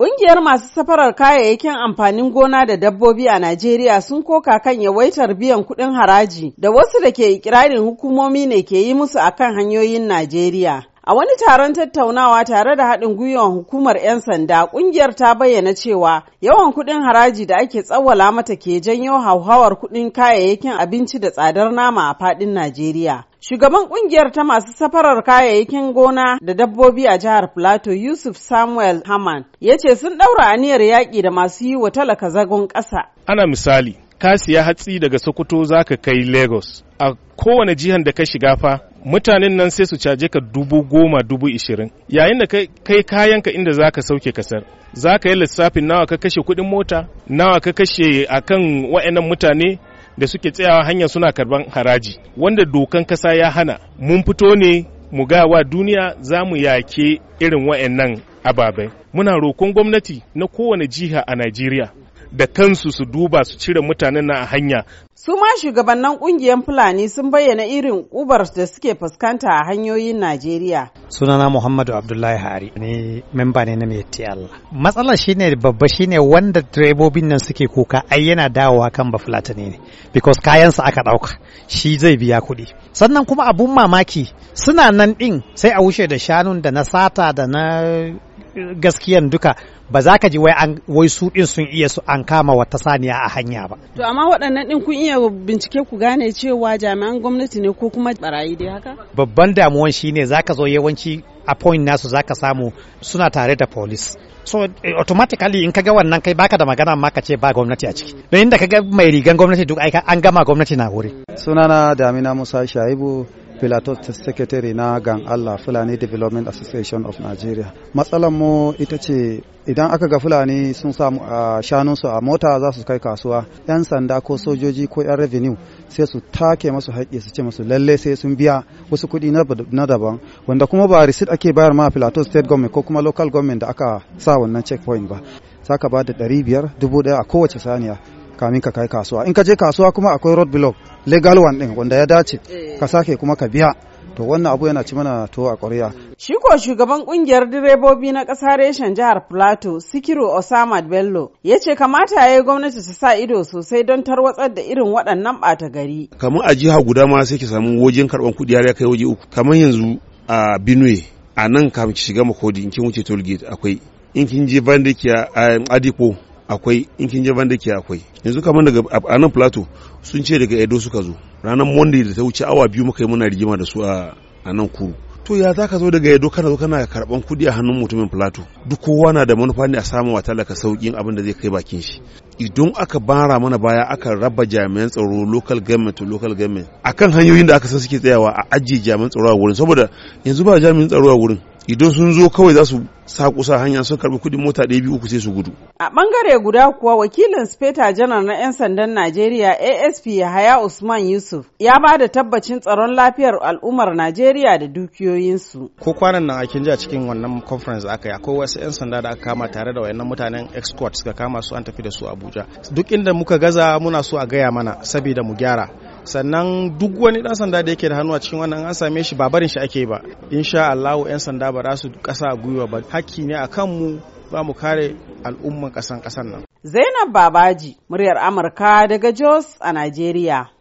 Ƙungiyar masu safarar kayayyakin amfanin gona da dabbobi a Najeriya sun koka kan yawaitar biyan kuɗin haraji da wasu da ke ikirarin hukumomi ne ke yi musu akan hanyoyin Najeriya. A wani taron tattaunawa tare da haɗin gwiwar hukumar 'yan sanda ƙungiyar ta bayyana cewa yawan kuɗin haraji da ake tsawwala mata ke janyo hauhawar kuɗin kayayyakin abinci da tsadar nama a faɗin Najeriya. Shugaban ƙungiyar ta masu safarar kayayyakin gona da dabbobi a jihar Plateau Yusuf Samuel Haman ya ce sun ɗaura aniyar yaƙi da masu yi wa talaka zagon ƙasa. Ana misali, ka siya hatsi daga Sokoto zaka kai Lagos. A kowane jihar da ka shiga fa mutanen nan sai su caje ka dubu goma dubu ishirin yayin da kai kayanka inda za ka sauke kasar za ka yi lissafin nawa ka kashe kuɗin mota nawa ka kashe akan wa'annan mutane da suke tsayawa hanyar suna karban haraji wanda dokan kasa ya hana mun fito ne mu gawa duniya za mu yake irin wa'annan ababai muna rokon gwamnati na kowane jiha a najeriya da kansu su duba su cire mutanen na a hanya. Su ma shugabannin kungiyar Fulani sun bayyana irin ubar da suke fuskanta a hanyoyin Najeriya. Sunana Muhammadu Abdullahi Hari ne memba ne na Metti Allah. Matsalar ne babba ne wanda direbobin nan suke kuka ai yana dawowa kan bafulatani ne because kayansa aka ɗauka shi zai biya kuɗi. Sannan kuma abun mamaki suna nan ɗin sai a wuce da shanun da na sata da na gaskiyan duka ba za ka ji wai an wai su din sun iya su an kama wata saniya a hanya ba to amma waɗannan din kun iya bincike ku gane cewa jami'an gwamnati ne ko kuma barayi dai haka babban damuwan shine zaka zo yawanci a point nasu zaka samu suna tare da police so eh, automatically in kaga wannan kai baka da magana amma ka ce ba gwamnati a ciki don inda kaga mai rigan gwamnati duk aika an gama gwamnati na wuri sunana damina musa shaibu Filatos Secretary na Gan Allah Fulani Development Association of Nigeria. Matsalar mu ita ce idan aka ga Fulani sun samu a ah, shanunsu a mota za su kai kasuwa, 'yan sanda ko sojoji ko 'yan revenue sai su take masu haƙƙi su ce masu lalle sai sun biya wasu kuɗi na daban wanda kuma ba receipt ake bayar ma Filato State Government ko kuma local government da aka sa wannan checkpoint ba. Saka ba da ɗari biyar dubu ɗaya a kowace saniya kamin ka kai kasuwa in ka je kasuwa kuma akwai road block legal one din wanda ya dace eh. ka sake kuma ka biya to wannan abu yana ci mana to a ƙwarya. Shi ko shugaban kungiyar direbobi na ƙasa reshen jihar Plateau, Sikiru Osama Bello, ya ce kamata ya yi gwamnati su sa ido sosai don tarwatsar da irin waɗannan ɓata gari. Kamar a jiha guda ma sai ki samu wajen karɓan kuɗi har ya kai waje uku. Kamar yanzu a Benue, a nan kafin ki shiga Makodi in kin wuce toll akwai. In kin je Bandikiya a um, adipo akwai in kin je ke akwai yanzu kamar daga anan plateau sun ce daga edo suka zo ranar monday da ta wuce awa biyu muka yi muna rigima da su a anan kuru to ya za ka zo daga edo kana zo kana karban kudi a hannun mutumin plateau duk kowa na da manufa ne a samu wa talaka sauƙin abin da zai kai bakin shi idan aka bara mana baya aka raba jami'an tsaro local government to local government akan hanyoyin da aka san suke tsayawa a ajiye jami'an tsaro a wurin saboda yanzu ba jami'an tsaro a wurin idan sun zo kawai za su kusa hanya sun karbi kudin mota ɗaya biyu uku sai su gudu. A ɓangare guda kuwa wakilin speta janar na 'yan sandan Najeriya ASP Yahaya Usman Yusuf ya ba da tabbacin tsaron lafiyar al'ummar Najeriya da dukiyoyinsu. Ko kwanan nan akin ji a cikin wannan conference aka yi akwai wasu 'yan sanda da aka kama tare da wayannan mutanen escort suka kama su an tafi da su Abuja. Duk inda muka gaza muna so a gaya mana saboda mu gyara. sannan duk wani dan sanda da yake da hannu a cikin wannan an same shi ba barin shi ake ba insha Allah yan sanda ba za su kasa gwiwa ba hakki ne akan mu za mu kare al'umman kasan kasan nan Zainab Babaji muryar Amurka daga Jos a Najeriya